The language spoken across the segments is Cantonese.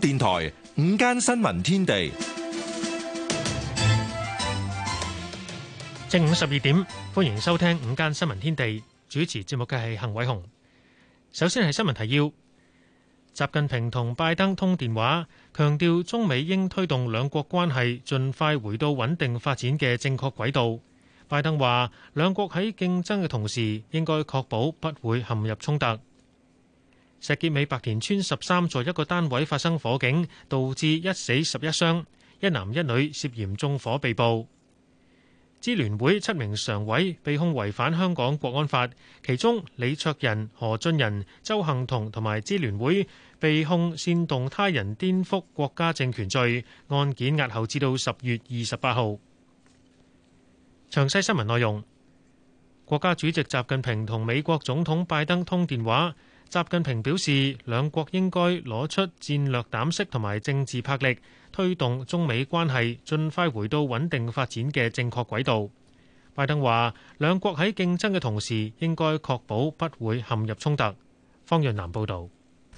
電台午間新聞天地正午十二點，歡迎收聽午間新聞天地。主持節目嘅係幸偉雄。首先係新聞提要：習近平同拜登通電話，強調中美應推動兩國關係盡快回到穩定發展嘅正確軌道。拜登話，兩國喺競爭嘅同時，應該確保不會陷入衝突。.石硤尾白田村十三座一個單位發生火警，導致一死十一傷，一男一女涉嫌縱火被捕。支聯會七名常委被控違反香港國安法，其中李卓人、何俊仁、鄒幸彤同埋支聯會被控煽動他人顛覆國家政權罪，案件押後至到十月二十八號。詳細新聞內容：國家主席習近平同美國總統拜登通電話。習近平表示，兩國應該攞出戰略膽識同埋政治魄力，推動中美關係盡快回到穩定發展嘅正確軌道。拜登話，兩國喺競爭嘅同時，應該確保不會陷入衝突。方潤南報導，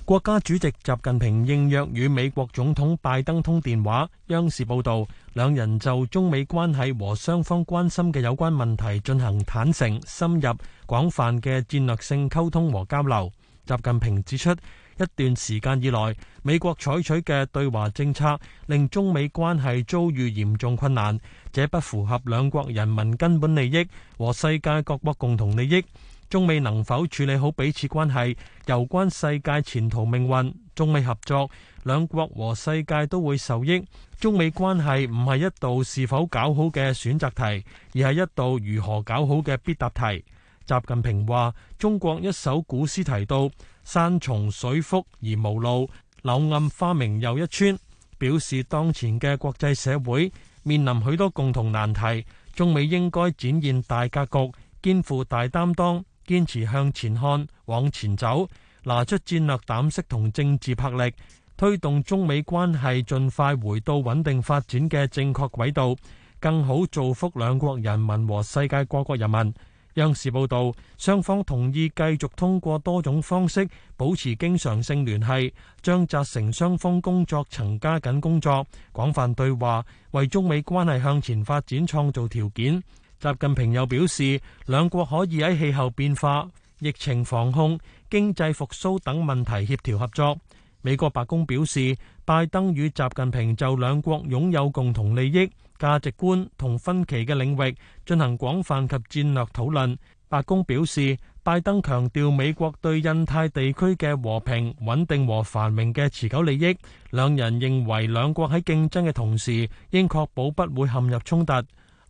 國家主席習近平應約與美國總統拜登通電話。央視報導，兩人就中美關係和雙方關心嘅有關問題進行坦誠、深入、廣泛嘅戰略性溝通和交流。習近平指出，一段時間以來，美國採取嘅對華政策令中美關係遭遇嚴重困難，這不符合兩國人民根本利益和世界各國共同利益。中美能否處理好彼此關係，攸關世界前途命運。中美合作，兩國和世界都會受益。中美關係唔係一道是否搞好嘅選擇題，而係一道如何搞好嘅必答題。習近平話：中國一首古詩提到“山重水複而無路，柳暗花明又一村”，表示當前嘅國際社會面臨許多共同難題，中美應該展現大格局、肩負大擔當，堅持向前看、往前走，拿出戰略膽識同政治魄力，推動中美關係盡快回到穩定發展嘅正確軌道，更好造福兩國人民和世界各國人民。央視報道，雙方同意繼續通過多種方式保持經常性聯繫，將責成雙方工作層加緊工作，廣泛對話，為中美關係向前發展創造條件。習近平又表示，兩國可以喺氣候變化、疫情防控、經濟復蘇等問題協調合作。美國白宮表示，拜登與習近平就兩國擁有共同利益。價值觀同分歧嘅領域進行廣泛及戰略討論。白宮表示，拜登強調美國對印太地區嘅和平、穩定和繁榮嘅持久利益。兩人認為兩國喺競爭嘅同時，應確保不會陷入衝突。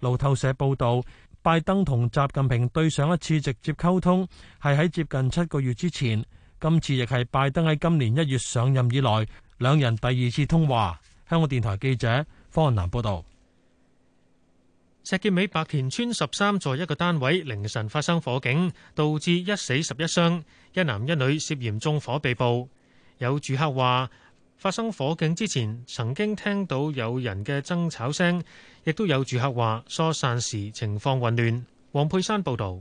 路透社報導，拜登同習近平對上一次直接溝通係喺接近七個月之前，今次亦係拜登喺今年一月上任以來，兩人第二次通話。香港電台記者方南報道。石硤尾白田村十三座一個單位凌晨發生火警，導致一死十一傷，一男一女涉嫌縱火被捕。有住客話，發生火警之前曾經聽到有人嘅爭吵聲，亦都有住客話疏散時情況混亂，黃佩珊報道。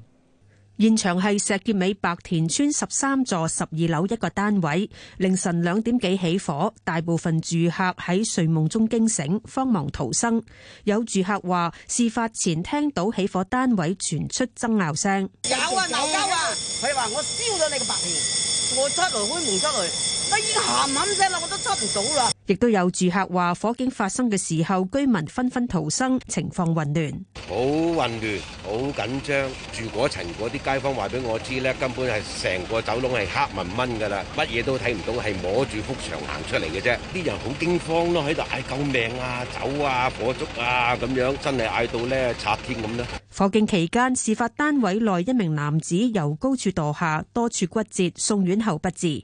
現場係石硖尾白田村，十三座十二樓一個單位，凌晨兩點幾起火，大部分住客喺睡夢中驚醒，慌忙逃生。有住客話，事發前聽到起火單位傳出爭拗聲，有啊，鬧交啊，佢話我燒咗你個白田，我出嚟開門出嚟。我已經喊唔聲啦，我都出唔到啦。亦都有住客話，火警發生嘅時候，居民紛紛逃生，情況混亂，好混亂，好緊張。住嗰層嗰啲街坊話俾我知咧，根本係成個走廊係黑蚊蚊噶啦，乜嘢都睇唔到，係摸住幅牆行出嚟嘅啫。啲人好驚慌咯，喺度嗌救命啊，走啊，火燭啊咁樣，真係嗌到咧拆天咁啦。火警期間，事發單位內一名男子由高處墮下，多處骨折，送院後不治。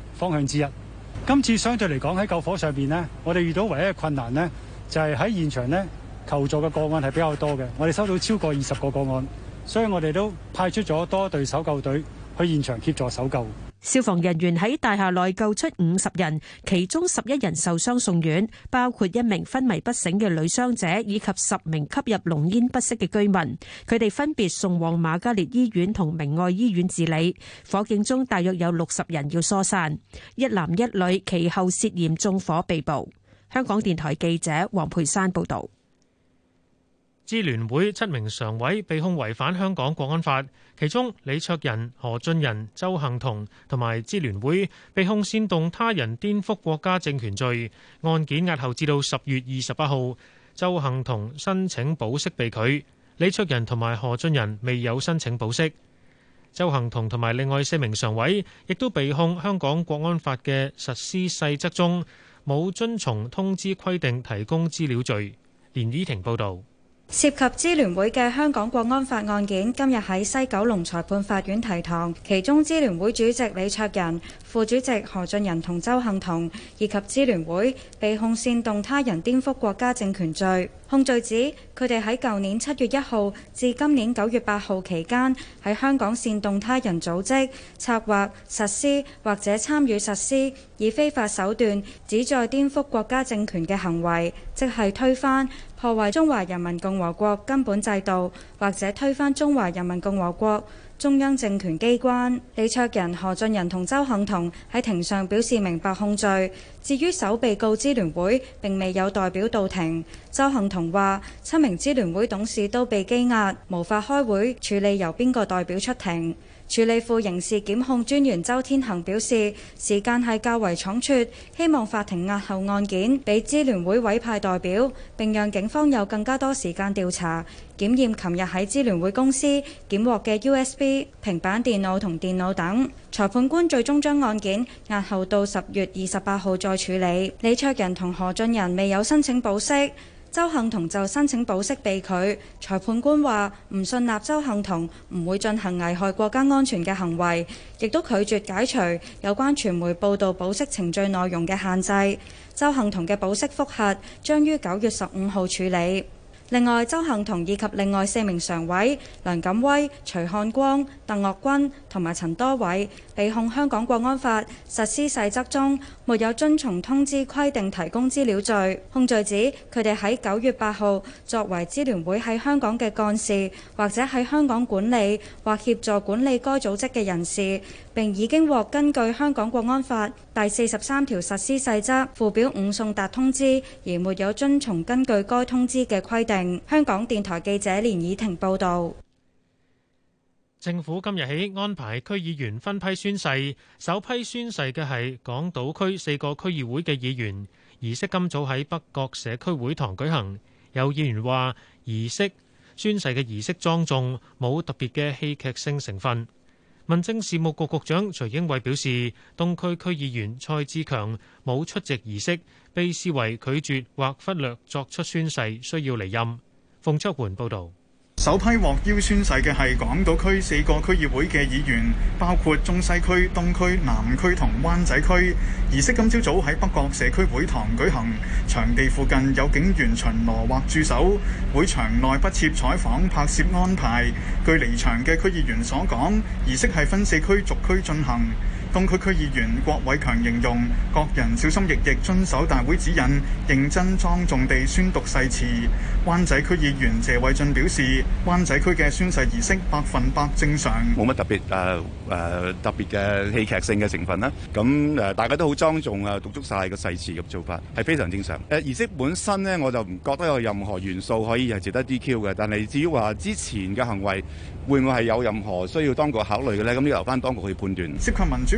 方向之一。今次相對嚟講，喺救火上邊咧，我哋遇到唯一嘅困難咧，就係喺現場咧，求助嘅個案係比較多嘅。我哋收到超過二十個個案，所以我哋都派出咗多隊搜救隊去現場協助搜救。消防人員喺大廈內救出五十人，其中十一人受傷送院，包括一名昏迷不醒嘅女傷者以及十名吸入濃煙不適嘅居民。佢哋分別送往瑪嘉烈醫院同明愛醫院治理。火警中大約有六十人要疏散，一男一女其後涉嫌縱火被捕。香港電台記者黃培山報道。支聯會七名常委被控違反香港國安法，其中李卓人、何俊仁、鄒幸彤同埋支聯會被控煽動他人顛覆國家政權罪，案件押後至到十月二十八號。鄒幸彤申請保釋被拒，李卓人同埋何俊仁未有申請保釋。鄒幸彤同埋另外四名常委亦都被控香港國安法嘅實施細則中冇遵從通知規定提供資料罪。連依婷報道。涉及支聯會嘅香港國安法案件，今日喺西九龍裁判法院提堂，其中支聯會主席李卓人、副主席何俊仁同鄒幸彤，以及支聯會被控煽動他人顛覆國家政權罪。控罪指佢哋喺舊年七月一號至今年九月八號期間，喺香港煽動他人組織、策劃、實施或者參與實施以非法手段旨在顛覆國家政權嘅行為，即係推翻、破壞中華人民共和國根本制度，或者推翻中華人民共和國，中央政權機關李卓人、何俊仁同周幸彤喺庭上表示明白控罪。至於首被告支聯會並未有代表到庭，周幸彤話七名支聯會董事都被拘押，無法開會處理，由邊個代表出庭？助理副刑事檢控專員周天恒表示，時間係較為倉促，希望法庭押後案件，俾支聯會委派代表，並讓警方有更加多時間調查檢驗。琴日喺支聯會公司檢獲嘅 USB 平板電腦同電腦等，裁判官最終將案件押後到十月二十八號再處理。李卓人同何俊仁未有申請保釋。鄒幸彤就申請保釋被拒，裁判官話唔信納鄒幸彤唔會進行危害國家安全嘅行為，亦都拒絕解除有關傳媒報導保釋程序內容嘅限制。鄒幸彤嘅保釋覆核將於九月十五號處理。另外，鄒幸彤以及另外四名常委梁錦威、徐漢光、鄧岳君同埋陳多偉。被控香港國安法實施細則中沒有遵從通知規定提供資料罪，控罪指，佢哋喺九月八號作為支聯會喺香港嘅幹事或者喺香港管理或協助管理該組織嘅人士，并已經獲根據香港國安法第四十三條實施細則附表五送達通知，而沒有遵從根據該通知嘅規定。香港電台記者連倚婷報道。政府今日起安排區議員分批宣誓，首批宣誓嘅係港島區四個區議會嘅議員。儀式今早喺北角社區會堂舉行，有議員話儀式宣誓嘅儀式莊重，冇特別嘅戲劇性成分。民政事務局局長徐英偉表示，東區區議員蔡志強冇出席儀式，被視為拒絕或忽略作出宣誓，需要離任。馮卓桓報道。首批獲邀宣誓嘅係港島區四個區議會嘅議員，包括中西區、東區、南區同灣仔區。儀式今朝早喺北角社區會堂舉行，場地附近有警員巡邏或駐守，會場內不設採訪拍攝安排。據離場嘅區議員所講，儀式係分四區逐區進行。東區區議員郭偉強形容，各人小心翼翼遵守大會指引，認真莊重地宣讀誓詞。灣仔區議員謝偉俊表示，灣仔區嘅宣誓儀式百分百正常，冇乜特別誒誒特別嘅戲劇性嘅成分啦。咁誒，大家都好莊重啊，讀足晒個誓詞，咁做法係非常正常。誒、呃，儀式本身呢，我就唔覺得有任何元素可以係值得 DQ 嘅。但係至於話之前嘅行為會唔會係有任何需要當局考慮嘅呢？咁要留翻當局去判斷。涉及民主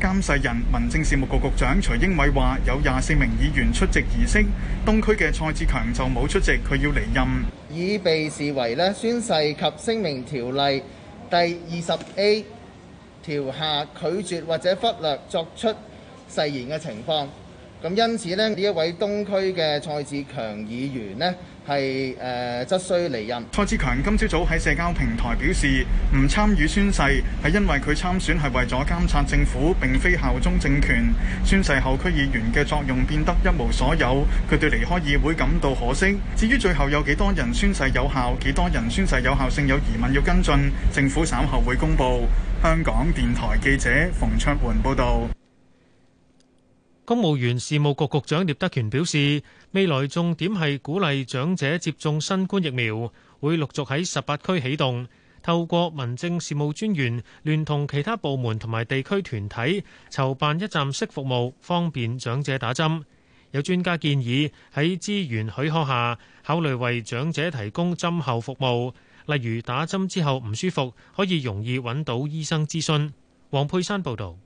監誓人民政事務局局長徐英偉話：有廿四名議員出席儀式，東區嘅蔡志強就冇出席，佢要離任，已被視為咧宣誓及聲明條例第二十 A 條下拒絕或者忽略作出誓言嘅情況。咁因此呢，呢一位東區嘅蔡志強議員呢。係誒則須離任。蔡志強今朝早喺社交平台表示，唔參與宣誓係因為佢參選係為咗監察政府，並非效忠政權。宣誓後區議員嘅作用變得一無所有。佢對離開議會感到可惜。至於最後有幾多人宣誓有效，幾多人宣誓有效性有疑問要跟進，政府稍後會公布。香港電台記者馮卓媛報導。公務員事務局局長聶德權表示，未來重點係鼓勵長者接種新冠疫苗，會陸續喺十八區啟動。透過民政事務專員聯同其他部門同埋地區團體，籌辦一站式服務，方便長者打針。有專家建議喺資源許可下，考慮為長者提供針後服務，例如打針之後唔舒服，可以容易揾到醫生諮詢。黃佩珊報道。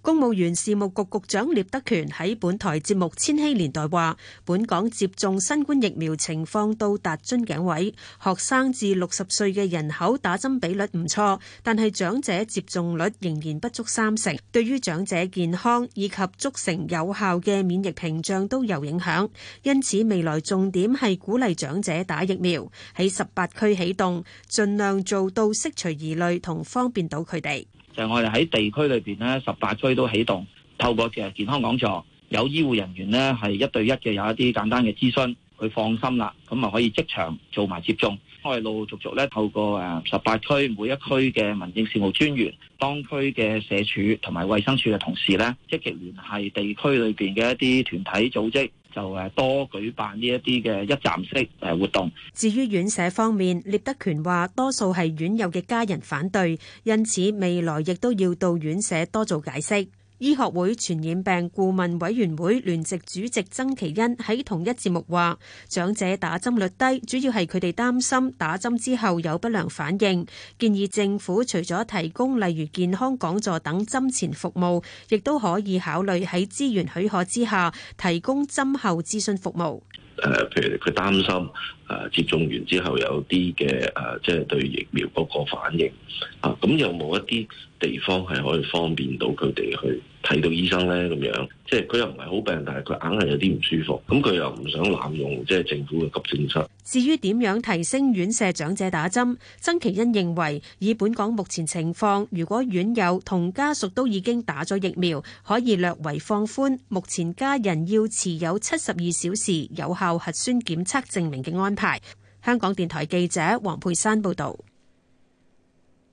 公務員事務局局長聶德權喺本台節目千禧年代話，本港接種新冠疫苗情況到達樽頸位，學生至六十歲嘅人口打針比率唔錯，但係長者接種率仍然不足三成，對於長者健康以及促成有效嘅免疫屏障都有影響，因此未來重點係鼓勵長者打疫苗，喺十八區啟動，盡量做到釋除疑慮同方便到佢哋。就係我哋喺地區裏邊咧，十八區都起動，透過其實健康講座，有醫護人員咧係一對一嘅，有一啲簡單嘅諮詢，佢放心啦，咁啊可以即場做埋接種。我哋陸陸續續咧透過誒十八區每一區嘅民政事務專員、當區嘅社署同埋衛生署嘅同事咧，積極聯繫地區裏邊嘅一啲團體組織。就誒多舉辦呢一啲嘅一站式誒活動。至於院舍方面，聶德權話，多數係院友嘅家人反對，因此未來亦都要到院舍多做解釋。醫學會傳染病顧問委員會聯席主席曾其恩喺同一節目話，長者打針率低，主要係佢哋擔心打針之後有不良反應。建議政府除咗提供例如健康講座等針前服務，亦都可以考慮喺資源許可之下提供針後諮詢服務。誒，譬如佢擔心誒接種完之後有啲嘅誒，即係對疫苗嗰個反應啊，咁有冇一啲？地方係可以方便到佢哋去睇到醫生咧，咁樣即係佢又唔係好病，但係佢硬係有啲唔舒服，咁佢又唔想濫用即係政府嘅急症室。至於點樣提升院舍長者打針，曾其欣認為，以本港目前情況，如果院友同家屬都已經打咗疫苗，可以略為放寬，目前家人要持有七十二小時有效核酸檢測證明嘅安排。香港電台記者黃佩珊報道。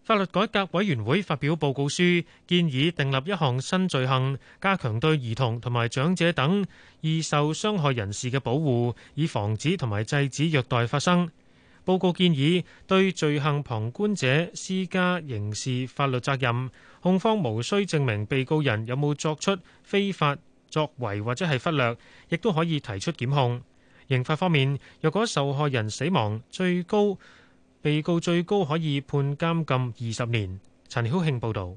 法律改革委員會發表報告書，建議訂立一項新罪行，加強對兒童同埋長者等易受傷害人士嘅保護，以防止同埋制止虐待發生。報告建議對罪行旁觀者施加刑事法律責任，控方無需證明被告人有冇作出非法作為或者係忽略，亦都可以提出檢控。刑法方面，若果受害人死亡，最高被告最高可以判監禁二十年。陳曉慶報導，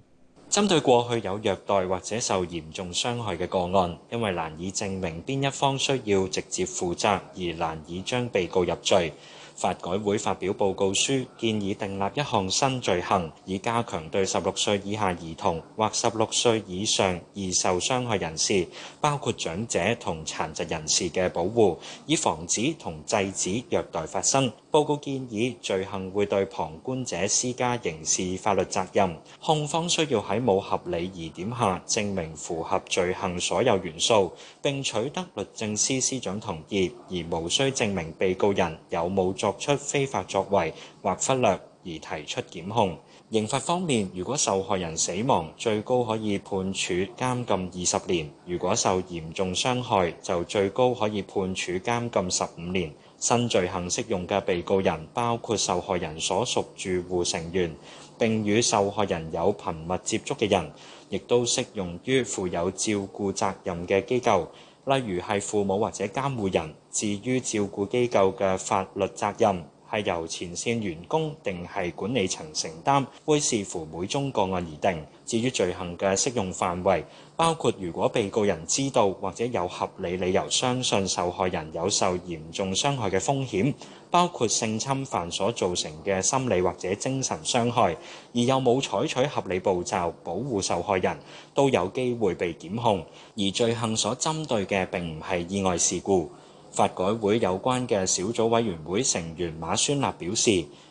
針對過去有虐待或者受嚴重傷害嘅個案，因為難以證明邊一方需要直接負責，而難以將被告入罪。法改會發表報告書，建議訂立一項新罪行，以加強對十六歲以下兒童或十六歲以上易受傷害人士，包括長者同殘疾人士嘅保護，以防止同制止虐待發生。報告建議罪行會對旁觀者施加刑事法律責任，控方需要喺冇合理疑點下證明符合罪行所有元素，並取得律政司司長同意，而無需證明被告人有冇罪。作出非法作為或忽略而提出檢控。刑罰方面，如果受害人死亡，最高可以判處監禁二十年；如果受嚴重傷害，就最高可以判處監禁十五年。新罪行適用嘅被告人包括受害人所屬住戶成員，並與受害人有頻密接觸嘅人，亦都適用於負有照顧責任嘅機構。例如係父母或者監護人，至於照顧機構嘅法律責任係由前線員工定係管理層承擔，會視乎每宗個案而定。至於罪行嘅適用範圍，包括如果被告人知道或者有合理理由相信受害人有受嚴重傷害嘅風險，包括性侵犯所造成嘅心理或者精神傷害，而又冇採取合理步驟保護受害人，都有機會被檢控。而罪行所針對嘅並唔係意外事故。法改會有關嘅小組委員會成員馬宣立表示。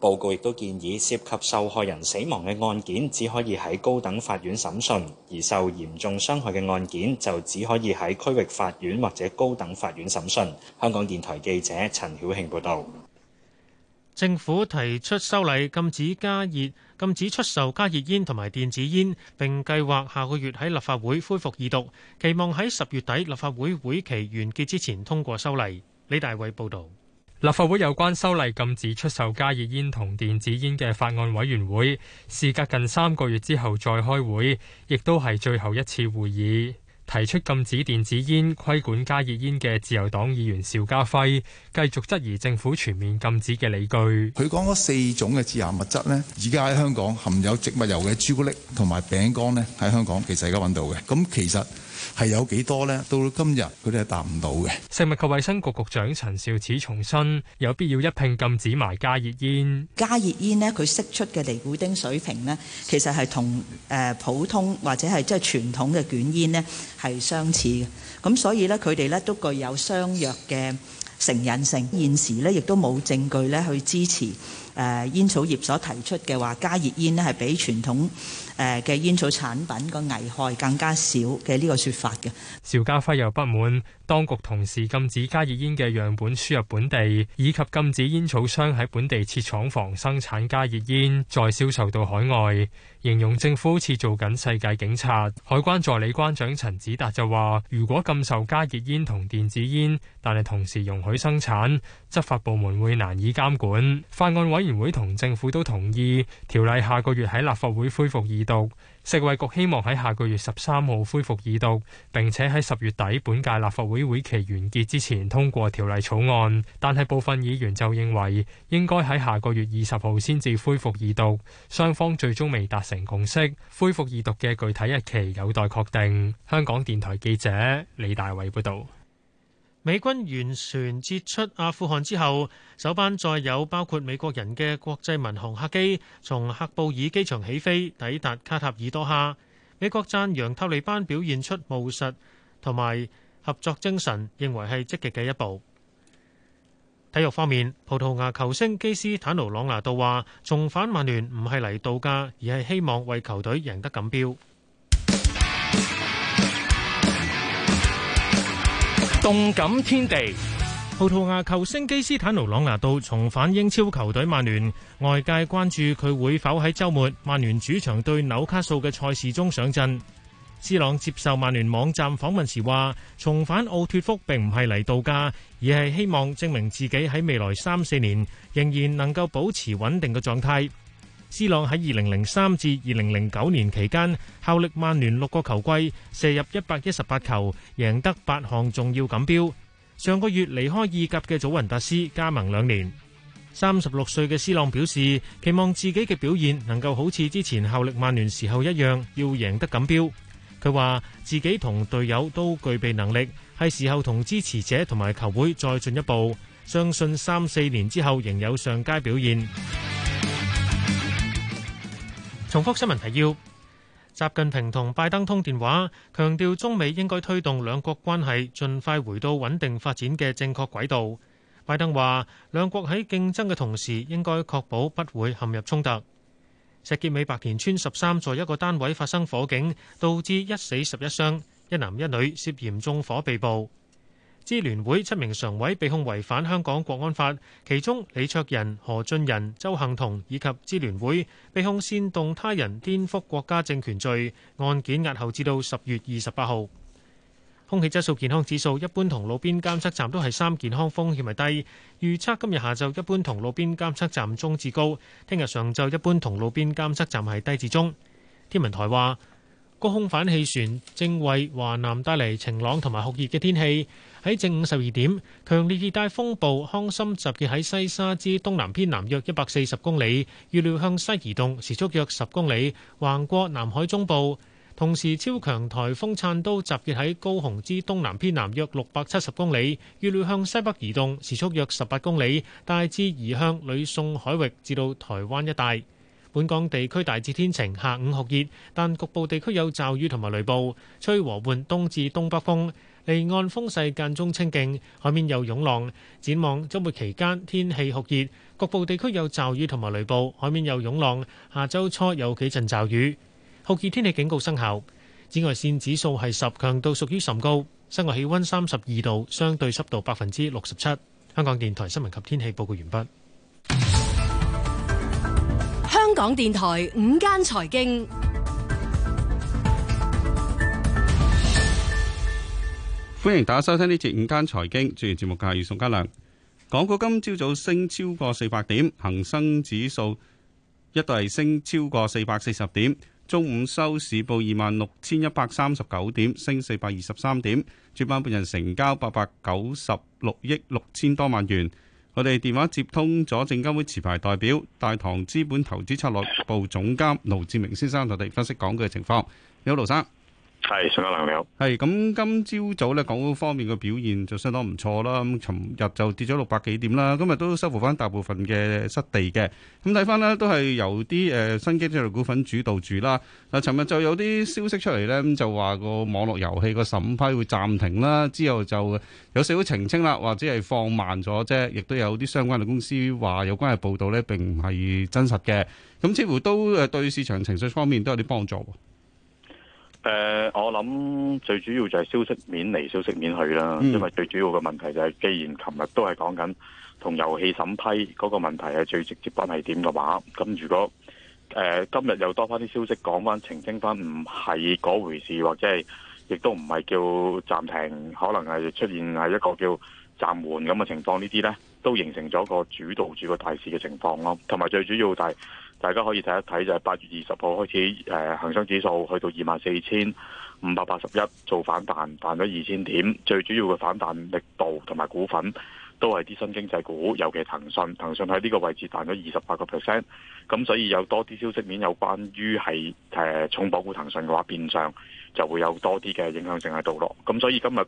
報告亦都建議，涉及受害人死亡嘅案件只可以喺高等法院審訊，而受嚴重傷害嘅案件就只可以喺區域法院或者高等法院審訊。香港電台記者陳曉慶報道。政府提出修例禁止加熱、禁止出售加熱煙同埋電子煙，並計劃下個月喺立法會恢復二讀，期望喺十月底立法會會期完結之前通過修例。李大偉報道。立法會有關修例禁止出售加熱煙同電子煙嘅法案委員會，事隔近三個月之後再開會，亦都係最後一次會議。提出禁止電子煙、規管加熱煙嘅自由黨議員邵家輝，繼續質疑政府全面禁止嘅理據。佢講嗰四種嘅致癌物質呢，而家喺香港含有植物油嘅朱古力同埋餅乾呢，喺香港其實而家搵到嘅。咁其實。係有幾多咧？到到今日佢哋係達唔到嘅。食物及衞生局局長陳肇始重申，有必要一併禁止埋加熱煙。加熱煙咧，佢釋出嘅尼古丁水平咧，其實係同誒普通或者係即係傳統嘅捲煙咧係相似嘅。咁所以咧，佢哋咧都具有相若嘅成癮性。現時咧，亦都冇證據咧去支持誒煙草業所提出嘅話，加熱煙咧係比傳統。誒嘅煙草產品個危害更加少嘅呢個説法嘅，邵家輝又不滿，當局同時禁止加熱煙嘅樣本輸入本地，以及禁止煙草商喺本地設廠房生產加熱煙，再銷售到海外。形容政府好似做緊世界警察，海關助理關長陳子達就話，如果禁售加熱煙同電子煙，但係同時容許生產，執法部門會難以監管。法案委員會同政府都同意條例下個月喺立法會恢復二讀。食衛局希望喺下個月十三號恢復二讀，並且喺十月底本屆立法會會期完結之前通過條例草案，但係部分議員就認為應該喺下個月二十號先至恢復二讀，雙方最終未達成共識，恢復二讀嘅具體日期有待確定。香港電台記者李大偉報道。美軍完全撤出阿富汗之後，首班載有包括美國人嘅國際民航客機從喀布爾機場起飛，抵達卡塔爾多哈。美國讚揚塔利班表現出務實同埋合作精神，認為係積極嘅一步。體育方面，葡萄牙球星基斯坦奴·朗拿度話：重返曼聯唔係嚟度假，而係希望為球隊贏得錦標。動感天地，葡萄牙球星基斯坦奴·朗拿度重返英超球隊曼聯，外界關注佢會否喺周末曼聯主場對紐卡素嘅賽事中上陣。C 朗接受曼聯網站訪問時話，重返奧脫福並唔係嚟度假，而係希望證明自己喺未來三四年仍然能夠保持穩定嘅狀態。C 朗喺二零零三至二零零九年期間效力曼聯六個球季，射入一百一十八球，贏得八項重要錦標。上個月離開意甲嘅祖雲達斯加盟兩年，三十六歲嘅 C 朗表示期望自己嘅表現能夠好似之前效力曼聯時候一樣，要贏得錦標。佢話自己同隊友都具備能力，係時候同支持者同埋球會再進一步，相信三四年之後仍有上佳表現。重複新聞提要：習近平同拜登通電話，強調中美應該推動兩國關係盡快回到穩定發展嘅正確軌道。拜登話，兩國喺競爭嘅同時，應該確保不會陷入衝突。石硤尾白田村十三座一個單位發生火警，導致一死十一傷，一男一女涉嫌縱火被捕。支聯會七名常委被控違反香港國安法，其中李卓人、何俊仁、鄒幸彤以及支聯會被控煽動他人顛覆國家政權罪，案件押後至到十月二十八號。空氣質素健康指數一般同路邊監測站都係三，健康風險係低。預測今日下晝一般同路邊監測站中至高，聽日上晝一般同路邊監測站係低至中。天文台話，高空反氣旋正為華南帶嚟晴朗同埋酷熱嘅天氣。喺正午十二點，強烈熱帶風暴康森集結喺西沙之東南偏南約一百四十公里，預料向西移動，時速約十公里，橫過南海中部。同時，超強颱風燦都集結喺高雄之東南偏南約六百七十公里，預料向西北移動，時速約十八公里，大致移向呂宋海域至到台灣一帶。本港地區大致天晴，下午酷熱，但局部地區有驟雨同埋雷暴，吹和緩東至東北風，離岸風勢間中清勁，海面有湧浪。展望周末期間天氣酷熱，局部地區有驟雨同埋雷暴，海面有湧浪。下周初有幾陣驟雨。酷熱天氣警告生效，紫外線指數係十，強度屬於甚高。室外氣温三十二度，相對濕度百分之六十七。香港電台新聞及天氣報告完畢。港電台午間財經，歡迎大家收聽呢節午間財經。主持節目嘅係宋嘉良。港股今朝早升超過四百點，恒生指數一度係升超過四百四十點。中午收市報二萬六千一百三十九點，升四百二十三點。主板本日成交八百九十六億六千多萬元。我哋電話接通咗證監會持牌代表大唐資本投資策略部總監盧志明先生，同你分析講嘅情況。你好，盧生。係，仲有兩秒。係咁，嗯，今朝早咧港股方面嘅表現就相當唔錯啦。咁尋日就跌咗六百幾點啦，今日都收復翻，大部分嘅失地嘅。咁睇翻咧，都係由啲誒、呃、新經濟類股份主導住啦。啊，嗯，尋日就有啲消息出嚟咧，咁就話個網絡遊戲個審批會暫停啦。之後就有少少澄清啦，或者係放慢咗啫。亦都有啲相關嘅公司話有關嘅報道咧，並唔係真實嘅。咁，嗯、似乎都誒、呃、對市場情緒方面都有啲幫助。誒、呃，我諗最主要就係消息面嚟，消息面去啦。嗯、因為最主要嘅問題就係，既然琴日都係講緊同遊戲審批嗰個問題係最直接關係點嘅話，咁如果誒、呃、今日又多翻啲消息講翻澄清翻，唔係嗰回事，或者係亦都唔係叫暫停，可能係出現係一個叫暫緩咁嘅情況，呢啲呢都形成咗個主導住個大市嘅情況咯。同埋最主要就係、是。大家可以睇一睇，就係八月二十號開始，誒恆生指數去到二萬四千五百八十一，做反彈，彈咗二千點。最主要嘅反彈力度同埋股份。都係啲新經濟股，尤其騰訊。騰訊喺呢個位置彈咗二十八個 percent，咁所以有多啲消息面有關於係誒、呃、重磅股騰訊嘅話，變相就會有多啲嘅影響性喺度咯。咁所以今日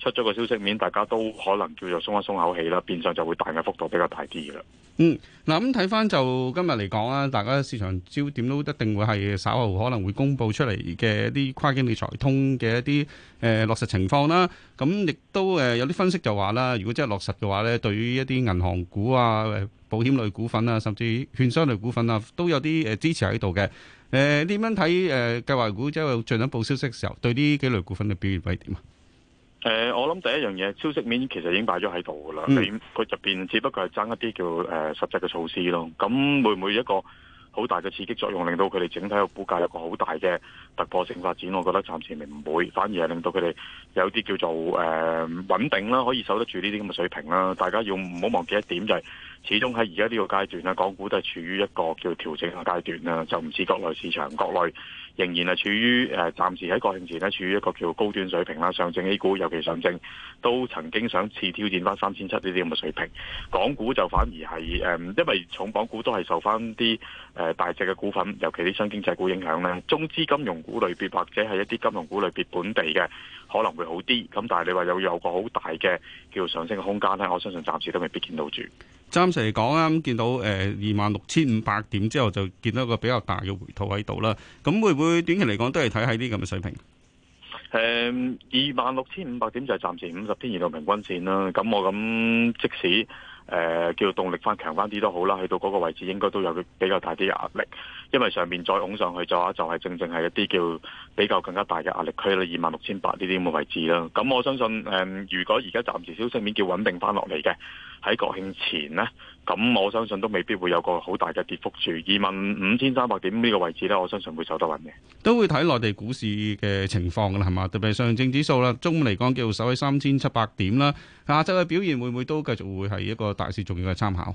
出咗個消息面，大家都可能叫做鬆一鬆口氣啦，變相就會彈嘅幅度比較大啲嘅啦。嗯，嗱咁睇翻就今日嚟講啦，大家市場焦點都一定會係稍後可能會公布出嚟嘅一啲跨境理財通嘅一啲誒、呃、落實情況啦。咁亦都誒、呃、有啲分析就話啦，如果真係落實嘅話，咧，對於一啲銀行股啊、保險類股份啊，甚至券商類股份啊，都有啲誒支持喺度嘅。誒點樣睇？誒計劃股即係進一步消息嘅時候，對呢幾類股份嘅表現會係點啊？誒，我諗第一樣嘢，消息面其實已經擺咗喺度噶啦。你佢入邊只不過係爭一啲叫誒實際嘅措施咯。咁會唔會一個？好大嘅刺激作用，令到佢哋整體嘅股價有個好大嘅突破性發展，我覺得暫時未唔會，反而係令到佢哋有啲叫做誒、呃、穩定啦，可以守得住呢啲咁嘅水平啦。大家要唔好忘記一點就係、是。始終喺而家呢個階段咧，港股都係處於一個叫調整嘅階段啦，就唔似國內市場，國內仍然係處於誒暫時喺國慶前呢，處於一個叫高端水平啦。上證 A 股尤其上證都曾經想次挑戰翻三千七呢啲咁嘅水平，港股就反而係誒，因為重磅股都係受翻啲誒大隻嘅股份，尤其啲新經濟股影響呢。中資金融股類別或者係一啲金融股類別本地嘅可能會好啲，咁但係你話有有個好大嘅叫上升嘅空間呢，我相信暫時都未必見到住。暫時嚟講啊，咁、嗯、見到誒二萬六千五百點之後，就見到一個比較大嘅回吐喺度啦。咁會唔會短期嚟講都係睇喺啲咁嘅水平？誒、嗯，二萬六千五百點就係暫時五十天移動平均線啦。咁我咁即使。誒、呃、叫動力翻強翻啲都好啦，去到嗰個位置應該都有比較大啲壓力，因為上面再拱上去就話就係正正係一啲叫比較更加大嘅壓力區啦，二萬六千八呢啲咁嘅位置啦。咁我相信誒、呃，如果而家暫時消息面叫穩定翻落嚟嘅，喺國慶前呢。咁我相信都未必會有個好大嘅跌幅住，二萬五千三百點呢個位置咧，我相信會走得穩嘅，都會睇內地股市嘅情況㗎喇，係嘛？特別係上證指數啦，中午嚟講繼續守喺三千七百點啦，下晝嘅表現會唔會都繼續會係一個大市重要嘅參考？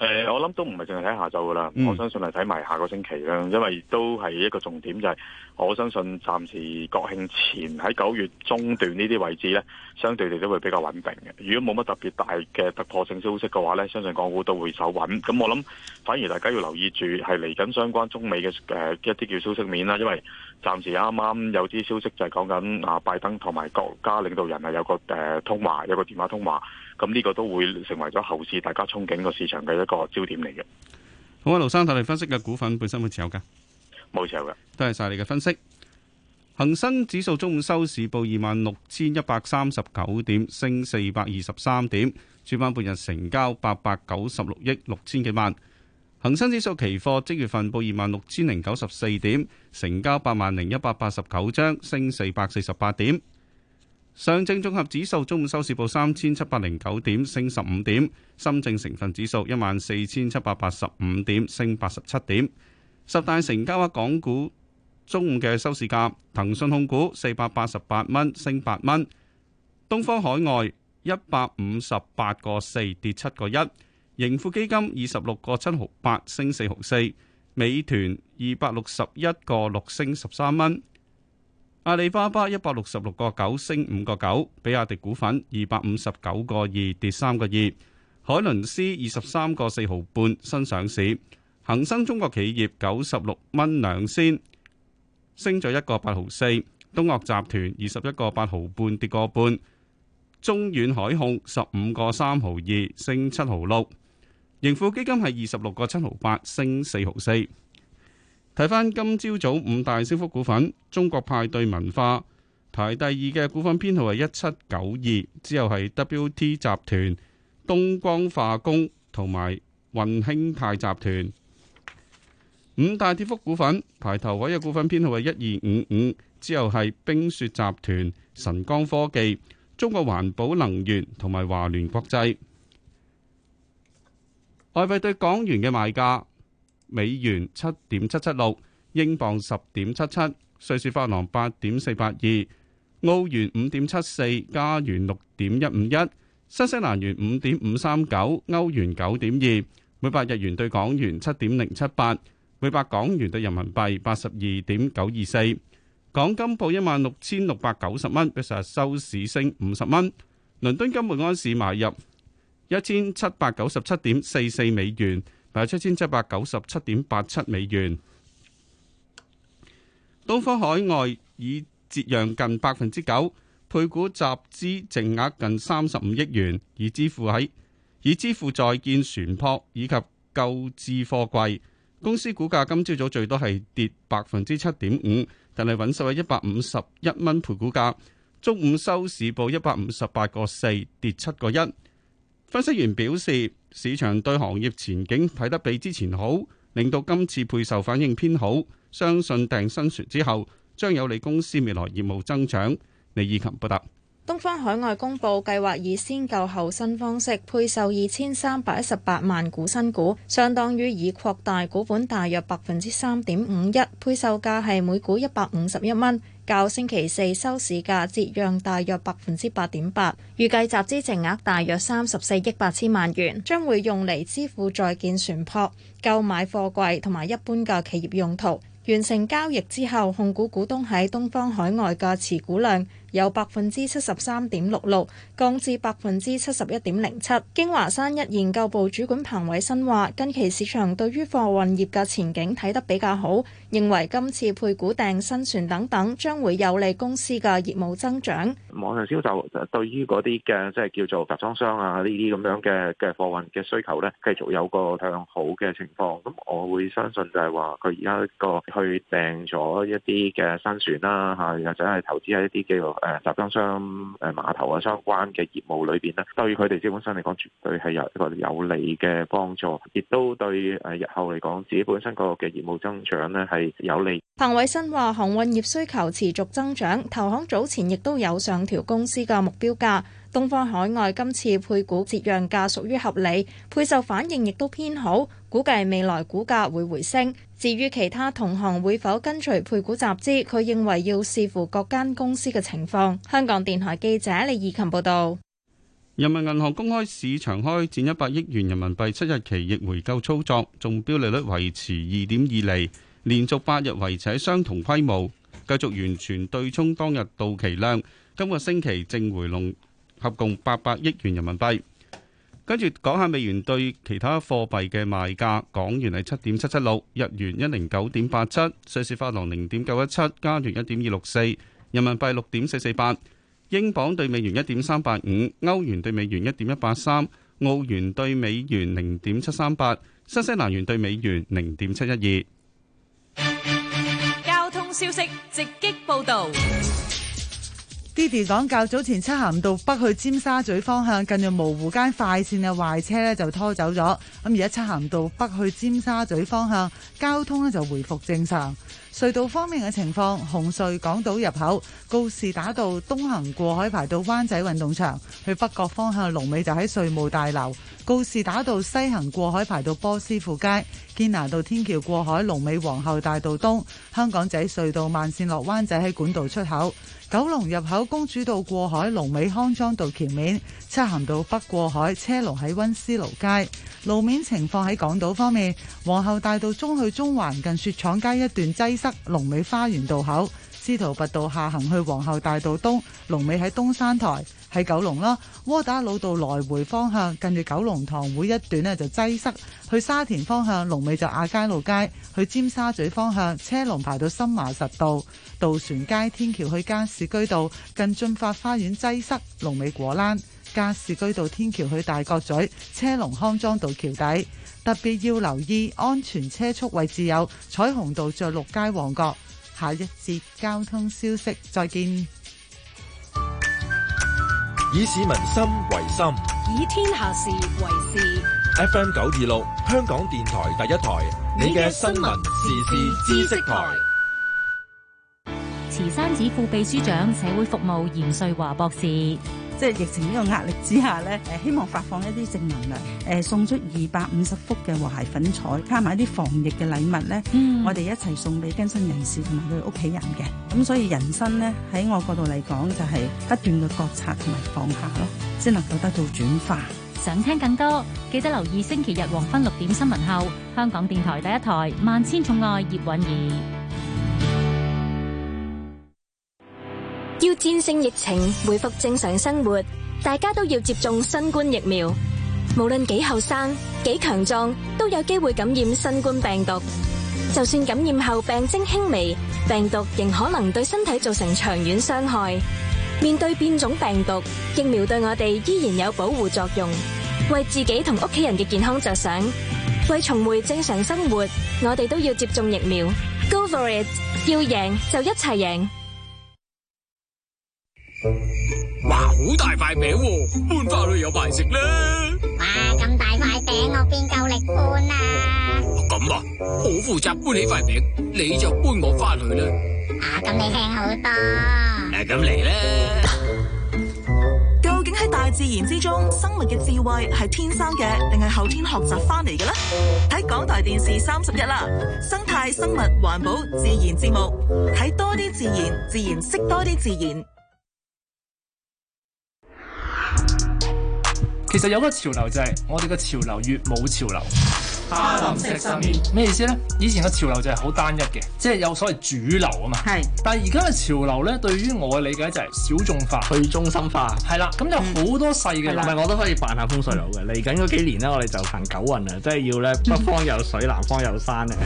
誒，uh, 我諗都唔係淨係睇下晝噶啦，mm. 我相信係睇埋下個星期啦，因為都係一個重點就係、係，我相信暫時國慶前喺九月中段呢啲位置呢，相對地都會比較穩定嘅。如果冇乜特別大嘅突破性消息嘅話呢，相信港股都會走穩。咁我諗，反而大家要留意住係嚟緊相關中美嘅誒、呃、一啲叫消息面啦，因為。暫時啱啱有啲消息就係講緊啊拜登同埋國家領導人係有個誒通話，有個電話通話，咁呢個都會成為咗後市大家憧憬個市場嘅一個焦點嚟嘅。好啊，盧生，睇你分析嘅股份本身會持有嘅，冇持有嘅。多謝晒你嘅分析。恒生指數中午收市報二萬六千一百三十九點，升四百二十三點，主板半日成交八百九十六億六千幾萬。恒生指數期貨即月份報二萬六千零九十四點，成交八萬零一百八十九張，升四百四十八點。上證綜合指數中午收市報三千七百零九點，升十五點。深證成分指數一萬四千七百八十五點，升八十七點。十大成交額港股中午嘅收市價，騰訊控股四百八十八蚊，升八蚊。東方海外一百五十八個四，跌七個一。盈富基金二十六個七毫八升四毫四，美團二百六十一個六升十三蚊，阿里巴巴一百六十六個九升五個九，比亞迪股份二百五十九個二跌三個二，海倫斯二十三個四毫半新上市，恒生中國企業九十六蚊兩仙升咗一個八毫四，東岳集團二十一個八毫半跌個半，中遠海控十五個三毫二升七毫六。盈富基金係二十六個七毫八，升四毫四。睇翻今朝早早五大升幅股份，中國派對文化排第二嘅股份編號係一七九二，之後係 W T 集團、東光化工同埋運興泰集團。五大跌幅股份排頭位嘅股份編號係一二五五，之後係冰雪集團、晨光科技、中國環保能源同埋華聯國際。外幣對港元嘅賣價：美元七點七七六，英鎊十點七七，瑞士法郎八點四八二，澳元五點七四，加元六點一五一，新西蘭元五點五三九，歐元九點二。每百日元對港元七點零七八，每百港元對人民幣八十二點九二四。港金報一萬六千六百九十蚊，比上日收市升五十蚊。倫敦金每安士買入，一千七百九十七點四四美元，賣七千七百九十七點八七美元。東方海外以折讓近百分之九，配股集資淨額近三十五億元，以支付喺以支付在建船舶以及購置貨櫃。公司股價今朝早，早最多係跌百分之七點五，但係穩守喺一百五十一蚊配股價。中午收市報一百五十八個四，跌七個一。分析員表示，市場對行業前景睇得比之前好，令到今次配售反應偏好。相信訂新船之後，將有利公司未來業務增長。李以琴報道：東方海外公佈計劃以先舊後新方式配售二千三百一十八萬股新股，相當於已擴大股本大約百分之三點五一。配售價係每股一百五十一蚊。較星期四收市價折讓大約百分之八點八，預計集資淨額大約三十四億八千萬元，將會用嚟支付在建船舶、購買貨櫃同埋一般嘅企業用途。完成交易之後，控股股東喺東方海外嘅持股量。由百分之七十三點六六降至百分之七十一點零七。京華山一研究部主管彭偉新話，近期市場對於貨運業嘅前景睇得比較好，認為今次配股訂新船等等，將會有利公司嘅業務增長。網上銷售對於嗰啲嘅即係叫做集裝箱啊呢啲咁樣嘅嘅貨運嘅需求呢，繼續有個向好嘅情況。咁我會相信就係話佢而家個去訂咗一啲嘅新船啦嚇，或者係投資喺一啲機會。誒，集裝箱誒碼頭啊，相關嘅業務裏邊咧，對於佢哋資本商嚟講，絕對係有一個有利嘅幫助，亦都對誒日後嚟講，自己本身個嘅業務增長呢，係有利。彭偉新話：航運業需求持續增長，投行早前亦都有上調公司嘅目標價。東方海外今次配股折讓價屬於合理，配售反應亦都偏好，估計未來股價會回升。至於其他同行會否跟隨配股集資，佢認為要視乎各間公司嘅情況。香港電台記者李義勤報導。人民銀行公開市場開展一百億元人民幣七日期逆回購操作，中標利率維持二點二厘，連續八日維持喺相同規模，繼續完全對沖當日到期量。今個星期淨回籠合共八百億元人民幣。跟住講下美元對其他貨幣嘅賣價，港元係七點七七六，日元一零九點八七，瑞士法郎零點九一七，加元一點二六四，人民幣六點四四八，英鎊對美元一點三八五，歐元對美元一點一八三，澳元對美元零點七三八，新西蘭元對美元零點七一二。交通消息直擊報道。Didi 講，較早前漆咸道北去尖沙咀方向，近住蕪湖街快線嘅壞車咧就拖走咗。咁而家漆咸道北去尖沙咀方向，交通呢就回復正常。隧道方面嘅情況，紅隧港島入口，告士打道東行過海排到灣仔運動場去北角方向龍尾就喺稅務大樓；告士打道西行過海排到波斯富街，堅拿道天橋過海龍尾皇后大道東，香港仔隧道慢線落灣仔喺管道出口。九龍入口公主道過海，龍尾康莊道橋面；車行道北過海，車龍喺溫思勞街。路面情況喺港島方面，皇后大道中去中環近雪廠街一段擠塞，龍尾花園道口；司徒拔道下行去皇后大道東，龍尾喺東山台。喺九龍啦，窩打老道來回方向近住九龍塘會一段呢就擠塞，去沙田方向龍尾就亞皆老街；去尖沙咀方向車龍排到森麻實道，渡船街天橋去加士居道近進發花園擠塞，龍尾果欄；加士居道天橋去大角咀車龍康莊道橋底。特別要留意安全車速位置有彩虹道着六街旺角。下一節交通消息，再見。以市民心為心，以天下事為 事。FM 九二六，香港電台第一台，你嘅新聞時事知識台。 慈山寺副秘書長、社會服務嚴瑞華博士。即係疫情呢個壓力之下咧，誒，希望發放一啲正能量，誒，送出二百五十幅嘅和諧粉彩，加埋啲防疫嘅禮物咧，嗯、我哋一齊送俾更新人士同埋佢屋企人嘅。咁所以人生咧，喺我角度嚟講，就係、是、不斷嘅覺察同埋放下咯，先能夠得到轉化。想聽更多，記得留意星期日黃昏六點新聞後，香港電台第一台《萬千寵愛葉蘊儀》。要戰勝疫情，回復正常生活，大家都要接種新冠疫苗。無論幾後生、幾強壯，都有機會感染新冠病毒。就算感染後病徵輕微，病毒仍可能對身體造成長遠傷害。面對變種病毒，疫苗對我哋依然有保護作用。為自己同屋企人嘅健康着想，為重回正常生活，我哋都要接種疫苗。Go for it！要贏就一齊贏。好大塊餅，搬翻去有排食啦！哇，咁大塊餅，我邊夠力搬啊！咁啊，我負責搬呢塊餅，你就搬我翻去啦！啊，咁你輕好多。嗱，咁嚟啦！究竟喺大自然之中，生物嘅智慧係天生嘅，定係後天學習翻嚟嘅咧？喺港台電視三十一啦，生態、生物、環保、自然節目，睇多啲自然，自然識多啲自然。其實有個潮流就係我哋嘅潮流越冇潮流。哈林失眠。咩意思呢？以前嘅潮流就係好單一嘅，即係有所謂主流啊嘛。係是。但係而家嘅潮流呢，對於我嘅理解就係小眾化、去中心化。係 啦，咁有好多細嘅。唔係、嗯、我都可以扮下風水佬嘅。嚟緊嗰幾年呢，我哋就行九運啊，即係要呢：北方有水， 南方有山咧。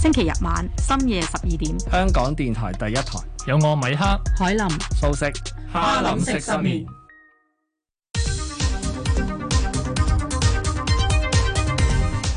星期日晚深夜十二點，香港電台第一台有我米克、海林、素食、哈林失眠。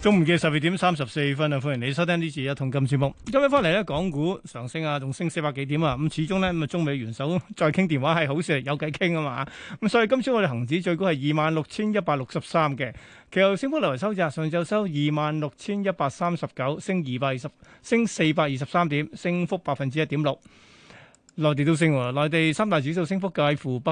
中午嘅十二點三十四分啊，歡迎你收聽《呢次一同金節目》。今日翻嚟咧，港股上升啊，仲升四百幾點啊，咁始終咧咁啊，中美元首再傾電話係好事，有偈傾啊嘛。咁所以今朝我哋恒指最高係二萬六千一百六十三嘅，其後升幅嚟收窄，上晝收二萬六千一百三十九，升二百二十，升四百二十三點，升幅百分之一點六。內地都升，內地三大指數升幅介乎。